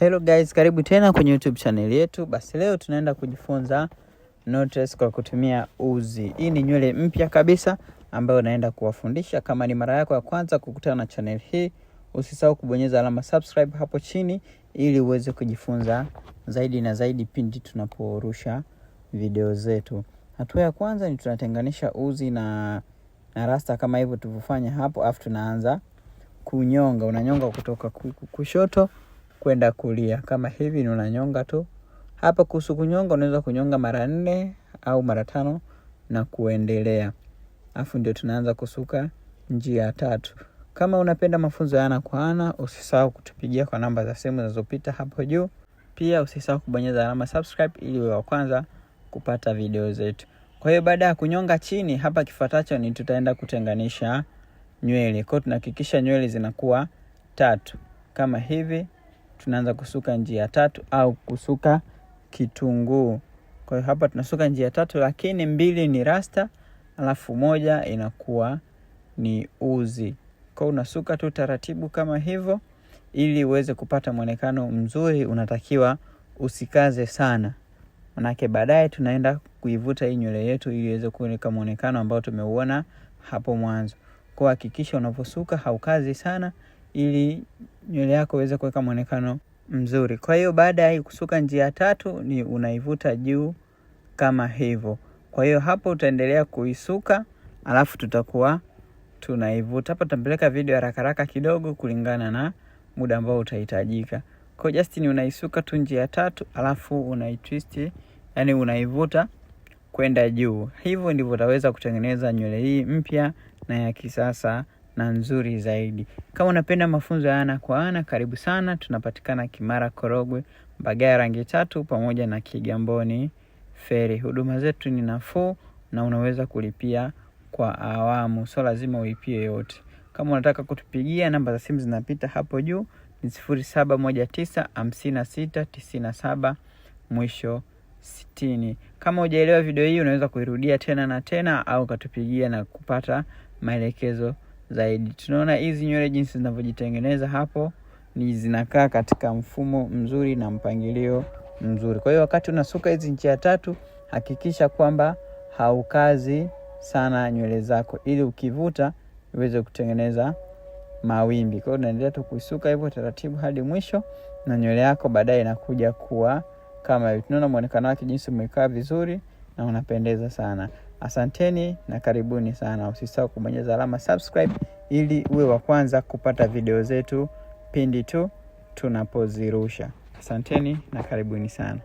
Hello guys, karibu tena kwenye YouTube channel yetu. Basi leo tunaenda kujifunza knotless kwa kutumia uzi. Hii ni nywele mpya kabisa ambayo naenda kuwafundisha. Kama ni mara yako ya kwanza kukutana na channel hii, usisahau kubonyeza alama subscribe hapo chini ili uweze kujifunza zaidi na zaidi pindi tunaporusha video zetu. Hatua ya kwanza ni tunatenganisha uzi na, na rasta kama hivyo tulivyofanya hapo, afu tunaanza kunyonga. Unanyonga kutoka kushoto kwenda kulia. Kama hivi ni unanyonga tu hapa. Kuhusu kunyonga, unaweza kunyonga mara nne au mara tano na kuendelea, afu ndio tunaanza kusuka njia tatu. Kama unapenda mafunzo ya ana kwa ana, usisahau kutupigia kwa namba za simu zinazopita hapo juu. Pia usisahau kubonyeza alama subscribe ili wa kwanza kupata video zetu. Kwa hiyo baada ya kunyonga chini hapa, kifuatacho ni tutaenda kutenganisha nywele. Kwa hiyo tunahakikisha nywele zinakuwa tatu kama hivi tunaanza kusuka njia tatu au kusuka kitunguu. Kwa hiyo hapa tunasuka njia tatu, lakini mbili ni rasta alafu moja inakuwa ni uzi. Kwa hiyo unasuka tu taratibu kama hivyo, ili uweze kupata mwonekano mzuri. Unatakiwa usikaze sana, manake baadaye tunaenda kuivuta hii nywele yetu ili iweze kuoneka mwonekano ambao tumeuona hapo mwanzo. Kwa hakikisha unavosuka haukazi sana ili nywele yako iweze kuweka mwonekano mzuri. Kwa hiyo baada ya kusuka njia tatu ni unaivuta juu kama hivyo. Kwa hiyo hapo utaendelea kuisuka, alafu tutakuwa tunaivuta hapa. Tutapeleka video haraka haraka kidogo kulingana na muda ambao utahitajika. Kwa hiyo just ni unaisuka tu njia tatu, alafu unaitwist, yani unaivuta kwenda juu. Hivyo ndivyo utaweza kutengeneza nywele hii mpya na ya kisasa na nzuri zaidi. Kama unapenda mafunzo ya ana kwa ana, karibu sana. Tunapatikana Kimara, Korogwe, mbagaya Rangi Tatu pamoja na Kigamboni Feri. Huduma zetu ni nafuu na unaweza kulipia kwa awamu, so lazima uipie yote. Kama unataka kutupigia, namba za simu zinapita hapo juu, ni sifuri saba moja tisa hamsini na sita tisini na saba mwisho sitini. Kama hujaelewa video hii, unaweza kuirudia tena na tena au ukatupigia na kupata maelekezo zaidi. Tunaona hizi nywele jinsi zinavyojitengeneza hapo, ni zinakaa katika mfumo mzuri na mpangilio mzuri. Kwa hiyo wakati unasuka hizi njia tatu, hakikisha kwamba haukazi sana nywele zako, ili ukivuta iweze kutengeneza mawimbi. Kwa hiyo unaendelea tu kuisuka hivyo taratibu hadi mwisho, na nywele yako baadaye inakuja kuwa kama hivi. Tunaona muonekano wake jinsi umekaa vizuri na unapendeza sana. Asanteni na karibuni sana. Usisahau kubonyeza alama subscribe ili uwe wa kwanza kupata video zetu pindi tu tunapozirusha. Asanteni na karibuni sana.